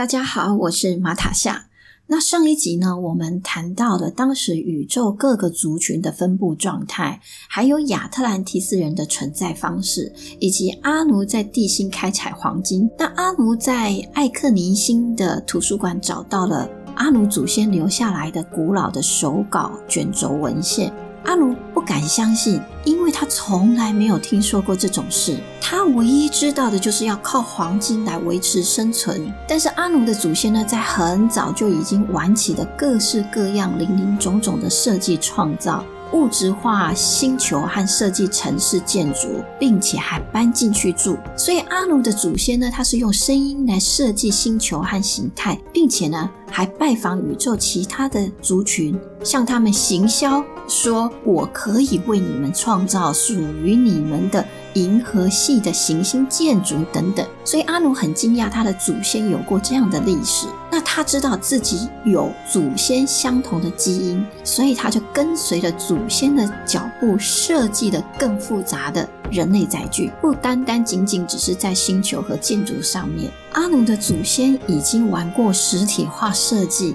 大家好，我是馬塔夏。那上一集呢，我們談到了當時宇宙各個族群的分布狀態，還有亞特蘭蒂斯人的存在方式，以及阿努在地心開採黃金。那阿努在艾克尼星的圖書館找到了阿努祖先留下來的古老的手稿卷軸文獻。阿努不敢相信，因為他從來沒有聽說過這種事。他唯一知道的就是要靠黃金來維持生存。但是阿努的祖先呢，在很早就已經玩起了各式各樣、林林總總的設計創造。物質化星球和設計城市建築，並且還搬進去住。所以阿努的祖先呢，他是用聲音來設計星球和形態，並且呢，還拜訪宇宙其他的族群，向他們行銷，說我可以為你們創造屬於你們的。銀河系的行星建築等等，所以阿努很驚訝他的祖先有過這樣的歷史。那他知道自己有祖先相同的基因，所以他就跟隨着祖先的腳步，設計得更複雜的人類載具，不單單僅僅只是在星球和建築上面。阿努的祖先已經玩過實體化設計，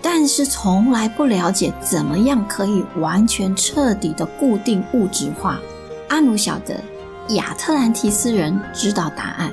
但是從來不了解怎麼樣可以完全徹底的固定物質化。阿努曉得。亞特蘭蒂斯人知道答案。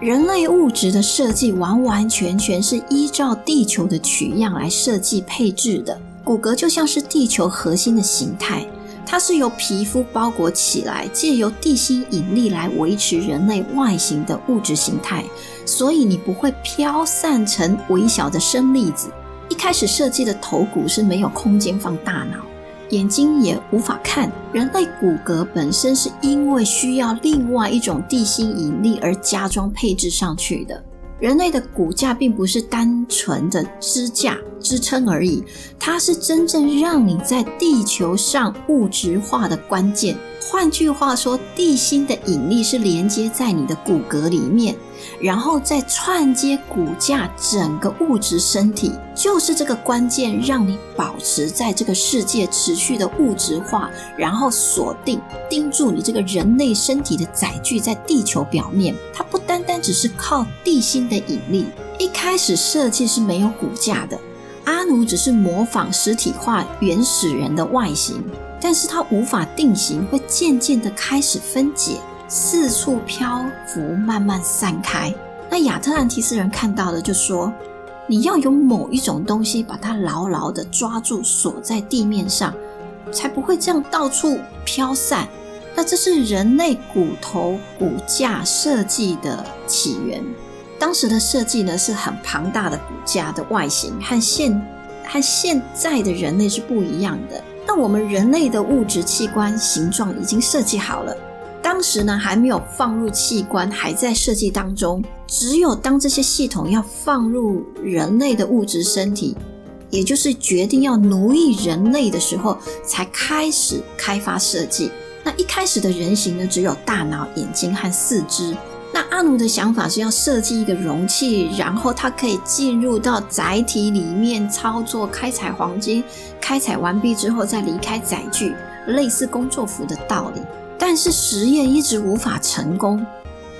人類物質的設計完完全全是依照地球的取樣來設計配置的。骨骼就像是地球核心的形態，它是由皮膚包裹起來，借由地心引力來維持人類外形的物質形態。所以你不會飄散成微小的生粒子。一開始設計的頭骨是沒有空間放大腦。眼睛也無法看，人類骨骼本身是因為需要另外一種地心引力而加裝配置上去的。人類的骨架並不是單純的支架支撐而已，它是真正讓你在地球上物質化的關鍵。換句話說，地心的引力是連接在你的骨骼裡面，然後再串接骨架，整個物質身體就是這個關鍵，讓你保持在這個世界持續的物質化，然後鎖定盯住你這個人類身體的載具在地球表面。它不單單只是靠地心的引力，一開始設計是沒有骨架的。阿努只是模仿實體化原始人的外形。但是它無法定型，會漸漸的開始分解，四處漂浮，慢慢散開。那亞特蘭提斯人看到的就說：“你要有某一種東西，把它牢牢的抓住，鎖在地面上，才不會這樣到處飄散。”那這是人類骨頭骨架設計的起源。當時的設計呢，是很龐大的骨架的外形，和現和現在的人類是不一樣的。那我們人類的物質器官形狀已經設計好了，當時呢還沒有放入器官，還在設計當中。只有當這些系統要放入人類的物質身體，也就是決定要奴役人類的時候，才開始開發設計。那一開始的人形呢，只有大腦、眼睛和四肢。阿努的想法是要設計一個容器，然後它可以進入到載體裡面操作開採黃金，開採完畢之後再離開載具，類似工作服的道理。但是實驗一直無法成功，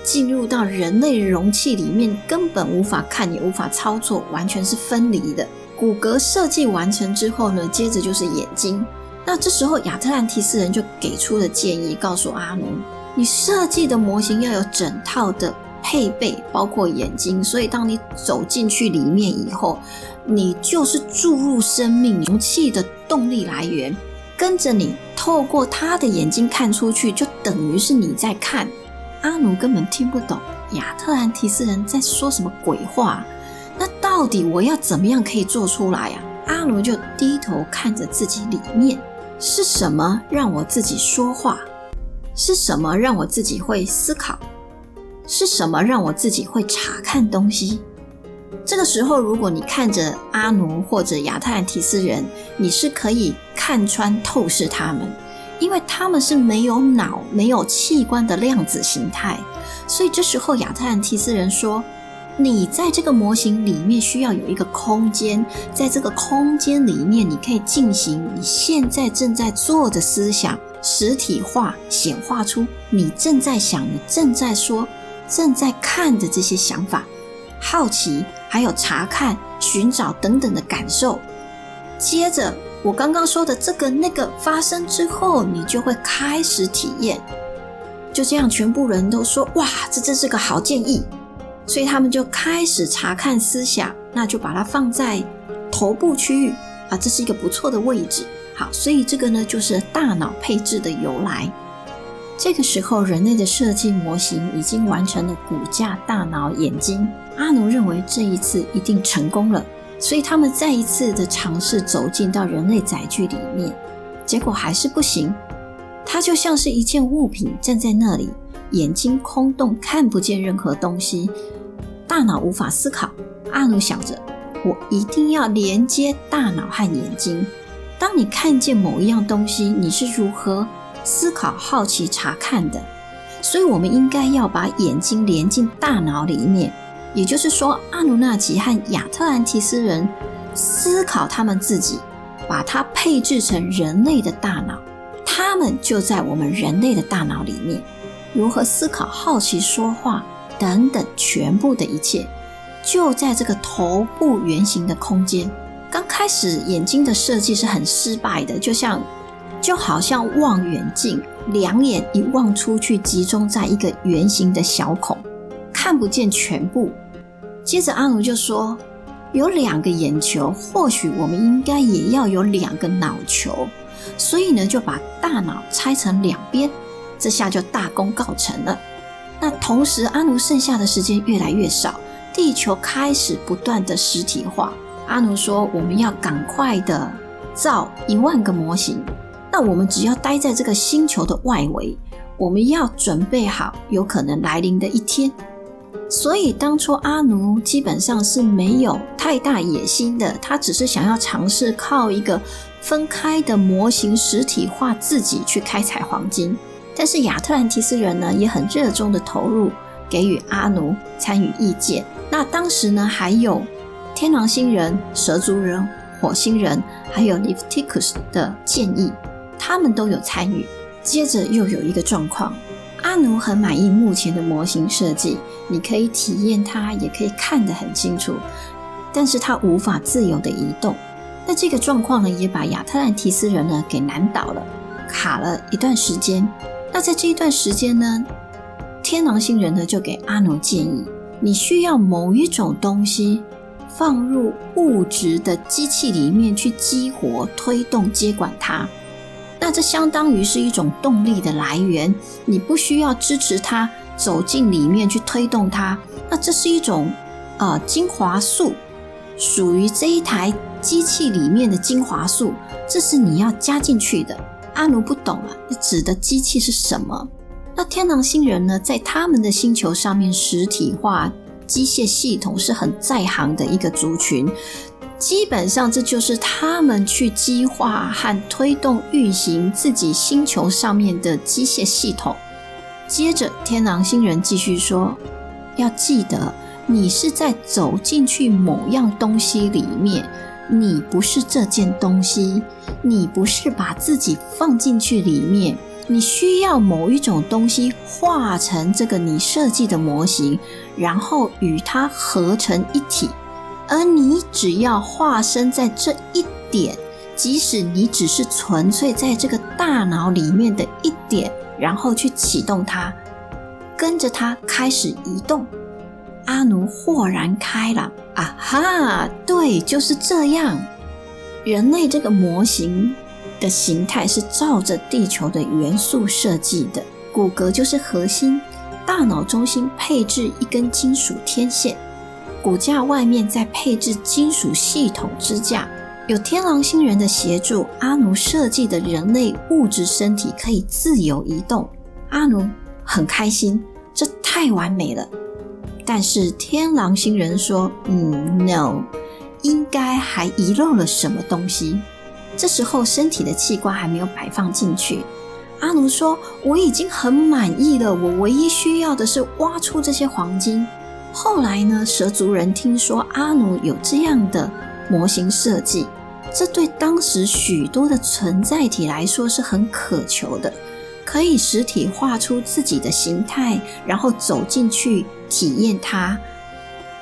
進入到人類容器裡面根本無法看，也無法操作，完全是分離的。骨骼設計完成之後呢，接着就是眼睛。那這時候亞特蘭提斯人就給出了建議，告訴阿努，你設計的模型要有整套的配備，包括眼睛，所以當你走進去裡面以後，你就是注入生命、勇氣的動力來源。跟着你透過他的眼睛看出去，就等於是你在看。阿努根本聽不懂亞特蘭提斯人在說什麼鬼話。那到底我要怎麼樣可以做出來啊？阿努就低頭看着自己裡面，是什麼讓我自己說話？是什麼讓我自己會思考？是什麼讓我自己會查看東西？這個時候，如果你看着阿努或者亞特蘭提斯人，你是可以看穿透視他們，因為他們是沒有腦、沒有器官的量子形態。所以這時候，亞特蘭提斯人說。你在這個模型裡面需要有一個空間，在這個空間裡面，你可以進行你現在正在做的思想實體化、顯化出你正在想、你正在說、正在看的這些想法、好奇、還有查看、尋找等等的感受。接着我剛剛說的這個那個發生之後，你就會開始體驗。就這樣，全部人都說：“哇，這真是個好建議。”所以他們就開始查看思想，那就把它放在頭部區域啊，這是一個不錯的位置。好，所以這個呢就是大腦配置的由來。這個時候，人類的設計模型已經完成了骨架、大腦、眼睛。阿努認為這一次一定成功了，所以他們再一次的嘗試走進到人類載具裡面，結果還是不行。它就像是一件物品站在那裡。眼睛空洞，看不見任何東西，大腦無法思考。阿努想着，我一定要連接大腦和眼睛。當你看見某一樣東西，你是如何思考、好奇、查看的？所以，我們應該要把眼睛連進大腦裡面。也就是說，阿努納奇和亞特蘭提斯人思考他們自己，把它配置成人類的大腦。他們就在我們人類的大腦裡面。如何思考、好奇、說話等等，全部的一切，就在這個頭部圓形的空間。剛開始眼睛的設計是很失敗的，就像就好像望遠鏡，兩眼一望出去，集中在一個圓形的小孔，看不見全部。接着阿努就說：“有兩個眼球，或許我們應該也要有兩個腦球，所以呢，就把大腦拆成兩邊。”這下就大功告成了。那同時，阿努剩下的時間越來越少，地球開始不斷的實體化。阿努說：“我們要趕快的造一萬個模型。那我們只要待在這個星球的外圍，我們要準備好有可能來臨的一天。”所以，當初阿努基本上是沒有太大野心的，他只是想要嘗試靠一個分開的模型實體化自己去開採黃金。但是亞特蘭蒂斯人呢，也很熱衷的投入，給予阿努參與意見。那當時呢，還有天狼星人、蛇族人、火星人，還有 Lifticus 的建議，他們都有參與。接着又有一個狀況，阿努很滿意目前的模型設計，你可以體驗它，也可以看得很清楚，但是它無法自由的移動。那這個狀況呢，也把亞特蘭蒂斯人呢給難倒了，卡了一段時間。那在這一段時間呢，天狼星人呢就給阿努建議，你需要某一種東西放入物質的機器裡面去激活、推動、接管它。那這相當於是一種動力的來源，你不需要支持它走進裡面去推動它。那這是一種，呃，精華素，屬於這一台機器裡面的精華素，這是你要加進去的。阿努不懂啊，指的機器是什麼？那天狼星人呢，在他們的星球上面實體化機械系統是很在行的一個族群。基本上，這就是他們去激化和推動運行自己星球上面的機械系統。接着，天狼星人繼續說：“要記得，你是在走進去某樣東西裡面。”你不是這件東西，你不是把自己放進去裡面，你需要某一種東西化成這個你設計的模型，然後與它合成一體。而你只要化身在這一點，即使你只是純粹在這個大腦裡面的一點，然後去啟動它，跟着它開始移動。阿努豁然開朗，啊哈，對，就是這樣。人類這個模型的形態是照着地球的元素設計的，骨骼就是核心，大腦中心配置一根金屬天線，骨架外面再配置金屬系統支架。有天狼星人的協助，阿努設計的人類物質身體可以自由移動。阿努很開心，這太完美了。但是天狼星人說嗯：“No，嗯應該還遺漏了什麼東西。這時候身體的器官還沒有擺放進去。”阿努說：“我已經很滿意了，我唯一需要的是挖出這些黃金。”後來呢？蛇族人聽說阿努有這樣的模型設計，這對當時許多的存在體來說是很渴求的。可以實體化出自己的形態，然後走進去體驗它，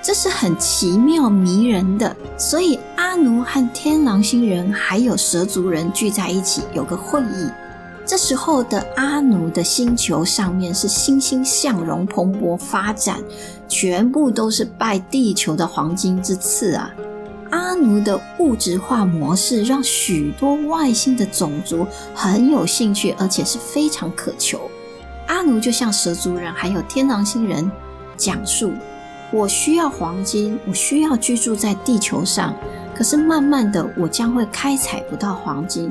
這是很奇妙迷人的。所以阿努和天狼星人還有蛇族人聚在一起有個會議，這時候的阿努的星球上面是欣欣向榮、蓬勃發展，全部都是拜地球的黃金之賜啊。阿努的物質化模式讓許多外星的種族很有興趣，而且是非常渴求。阿努就向蛇族人還有天狼星人講述：“我需要黃金，我需要居住在地球上。可是慢慢的，我將會開採不到黃金。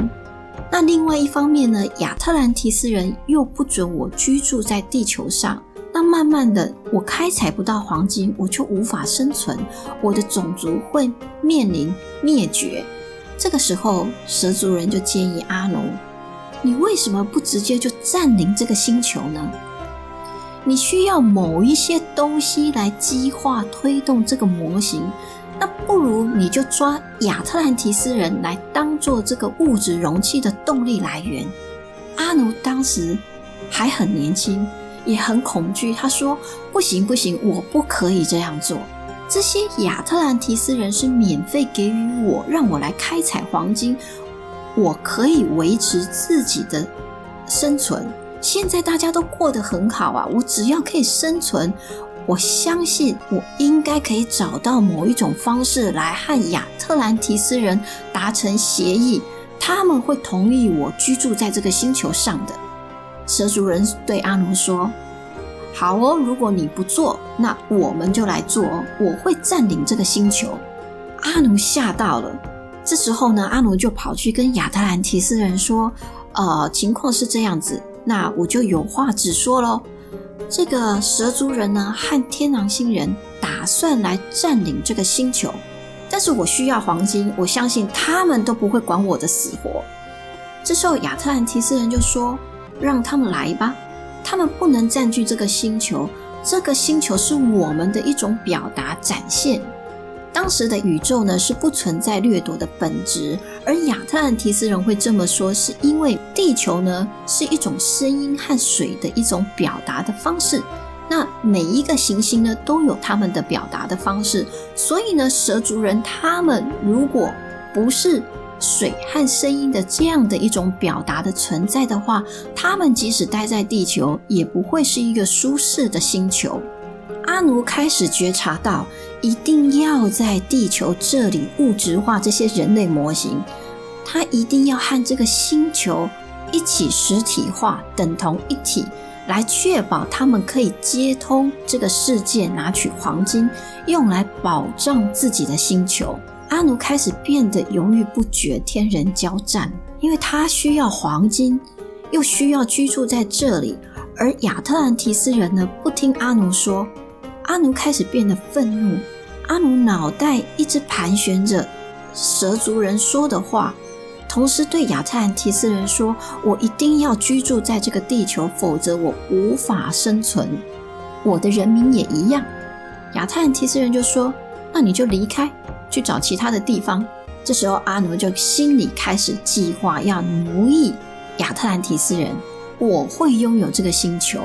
那另外一方面呢，亞特蘭提斯人又不准我居住在地球上。”那慢慢的，我開採不到黃金，我就無法生存，我的種族會面臨滅絕。這個時候，蛇族人就建議阿努：“你為什麼不直接就占領這個星球呢？你需要某一些東西來激化推動這個模型，那不如你就抓亞特蘭提斯人來當做這個物質容器的動力來源。”阿努當時還很年輕。也很恐懼。他說：“不行，不行，我不可以這樣做。這些亞特蘭提斯人是免費給予我，讓我來開採黃金。我可以維持自己的生存。現在大家都過得很好啊，我只要可以生存，我相信我應該可以找到某一種方式來和亞特蘭提斯人達成協議，他們會同意我居住在這個星球上的。”蛇族人對阿努說：“好哦，如果你不做，那我們就來做哦。我會占領這個星球。”阿努嚇到了。這時候呢，阿努就跑去跟亞特蘭提斯人說：“呃，情況是這樣子，那我就有話直說嘍。這個蛇族人呢，和天狼星人打算來占領這個星球，但是我需要黃金。我相信他們都不會管我的死活。”這時候，亞特蘭提斯人就說。讓他們來吧，他們不能占據這個星球。這個星球是我們的一種表達展現。當時的宇宙呢，是不存在掠奪的本質，而亞特蘭提斯人會這麼說，是因為地球呢，是一種聲音和水的一種表達的方式。那每一個行星呢，都有他們的表達的方式，所以呢，蛇族人他們如果不是。水和聲音的這樣的一種表達的存在的話，他們即使待在地球，也不會是一個舒適的星球。阿努開始覺察到，一定要在地球這裡物質化這些人類模型，他一定要和這個星球一起實體化，等同一體，來確保他們可以接通這個世界，拿取黃金，用來保障自己的星球。阿努開始變得猶豫不決，天人交戰，因為他需要黃金，又需要居住在這裡。而亞特蘭提斯人呢，不聽阿努說。阿努開始變得憤怒。阿努腦袋一直盤旋着蛇族人說的話，同時對亞特蘭提斯人說：“我一定要居住在這個地球，否則我無法生存。我的人民也一樣。”亞特蘭提斯人就說：“那你就離開。”去找其他的地方，這時候，阿努就心裡開始計劃要奴役亞特蘭蒂斯人。我會擁有這個星球，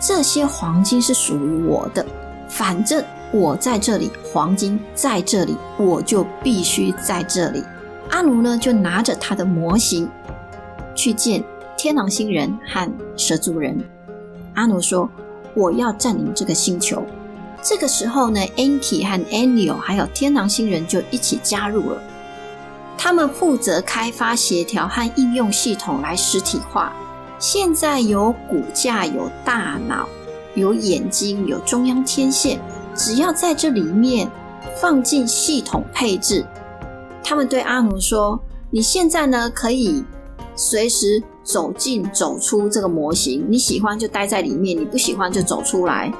這些黃金是屬於我的。反正我在這裡，黃金在這裡，我就必須在這裡。阿努呢，就拿着他的模型去見天狼星人和蛇族人。阿努說：“我要佔領這個星球。”這個時候呢，Anki 和 Anio 還有天狼星人就一起加入了。他們負責開發、協調和應用系統來實體化。現在有骨架、有大腦、有眼睛、有中央天線，只要在這裡面放進系統配置，他們對阿努說：“你現在呢，可以隨時走進、走出這個模型。你喜歡就待在裡面，你不喜歡就走出來。”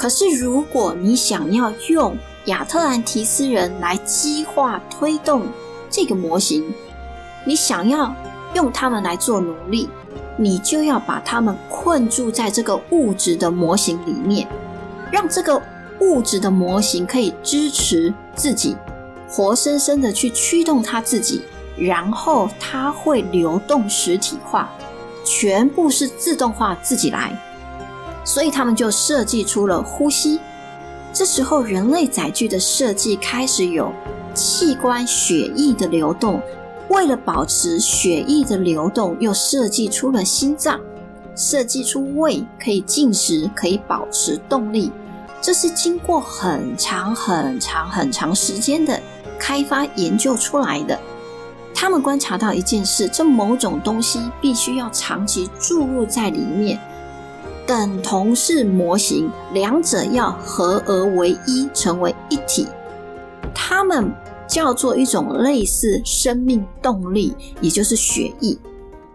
可是，如果你想要用亞特蘭提斯人來激化推動這個模型，你想要用他們來做奴隸，你就要把他們困住在這個物質的模型裡面，讓這個物質的模型可以支持自己，活生生的去驅動它自己，然後它會流動實體化，全部是自動化自己來。所以他們就設計出了呼吸。這時候，人類載具的設計開始有器官、血液的流動。為了保持血液的流動，又設計出了心臟，設計出胃，可以進食，可以保持動力。這是經過很長、很長、很長時間的開發研究出來的。他們觀察到一件事：這某種東西必須要長期注入在裡面。等同是模型，兩者要合而為一，成為一體。它們叫做一種類似生命動力，也就是血液。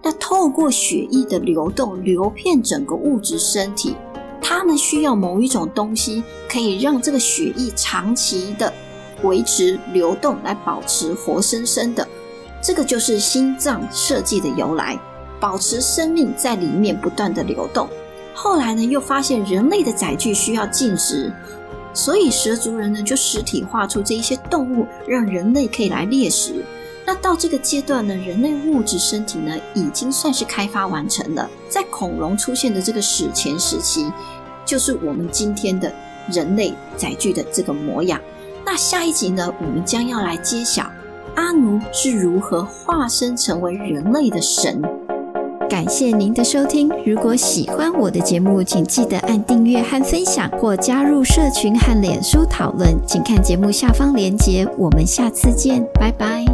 那透過血液的流動，流遍整個物質身體。它們需要某一種東西，可以讓這個血液長期的維持流動，來保持活生生的。這個就是心臟設計的由來，保持生命在裡面不斷的流動。後來呢，又發現人類的載具需要進食，所以蛇族人呢就實體化出這一些動物，讓人類可以來獵食。那到這個階段呢，人類物質身體呢已經算是開發完成了。在恐龍出現的這個史前時期，就是我們今天的人類載具的這個模樣。那下一集呢，我們將要來揭曉阿努是如何化身成為人類的神。感謝您的收聽。如果喜歡我的節目，請記得按訂閱和分享，或加入社群和臉書討論。請看節目下方連結。我們下次見，拜拜。